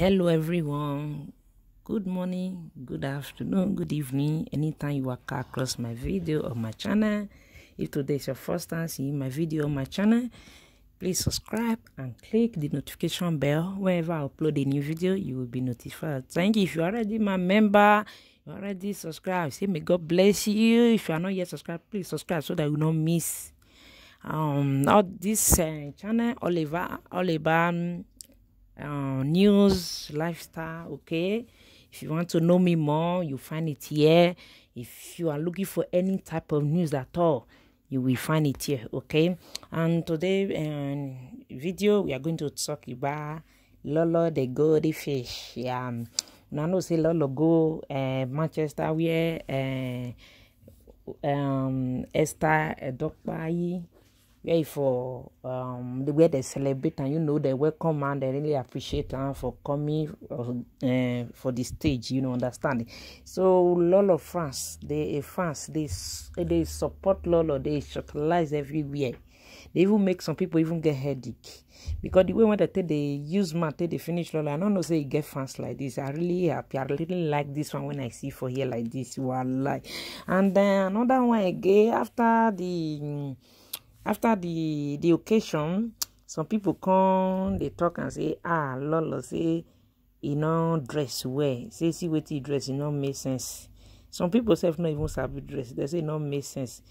Hello, everyone. Good morning, good afternoon, good evening. Anytime you walk across my video or my channel, if today is your first time seeing my video on my channel, please subscribe and click the notification bell. Whenever I upload a new video, you will be notified. Thank you. If you're already my member, you already subscribed. Say, may God bless you. If you are not yet subscribed, please subscribe so that you don't miss um all this uh, channel Oliver, about uh, news, lifestyle. Okay, if you want to know me more, you find it here. If you are looking for any type of news at all, you will find it here. Okay, and today um, video we are going to talk about Lolo the goldfish. Yeah, um, now no say Lolo go uh, Manchester where uh, um, Esther Edokpayi. Uh, Yeah, for um, the way they celebrate and you know they welcome and they really appreciate and for coming uh, for the stage you know understanding so lolo france they france they they support lolo they socialize everywhere they even make some people even get headache because the way when they take they use man they finish lolo i don't know say get fans like this i really happy i really like this one when i see for here like this you like and then another one again after the after the the occasion some people come They talk and say ah lolo say e no dress well say see wetin e dress e no make sense some people sef not even sabi dress They say e no make sense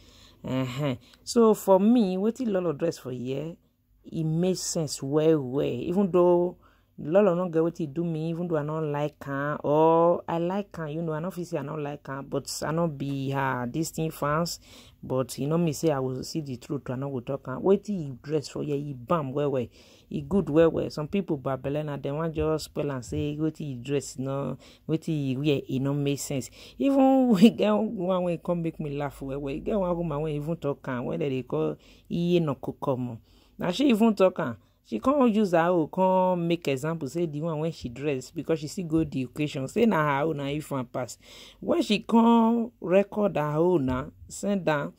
uh -huh. so for me wetin lolo dress for here it makes sense well well even though lot of no get wetin do me even though i no like am or i like am you know i no fit say i no like am but i no be her ah, dis thing fans but e no mean say i go see the truth i no go talk am wetin he dress for here he bam well well He good well well some people babele na dem wan just spell am say wetin he dress no wetin he wear e no make sense even we get one wey come make me laugh well well e get one woman wey even talk am wey dem dey call iye nọkọkọmọ na she even talk am she come use her own come make example say the one when she dress because she still go the occasion say na her own na if one pass when she come record her own na send am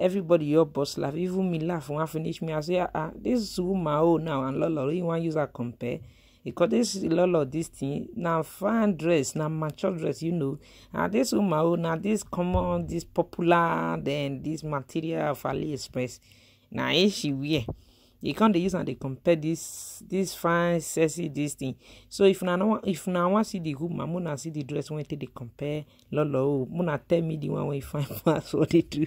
everybody your boss laugh even me laugh wan finish me i say ah ah this woman own now and lolo he wan use her compare because this lolo this thing na fine dress na mature dress you know and ah, this woman own na this common this popular then this material of aliexpress na e she wear. You can't use and dey compare this, this fine sexy dis thing so if una no if una wan see the group, man una see the dress wey take compare lolo o oh. una tell me the one wey find pass what they do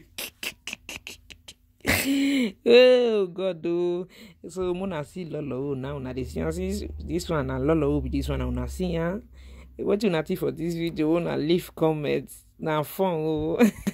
oh god oh so una see lolo o oh. now una dey see this one na lolo oh be this one na una see am What you think for this video una leave comment na fun oh.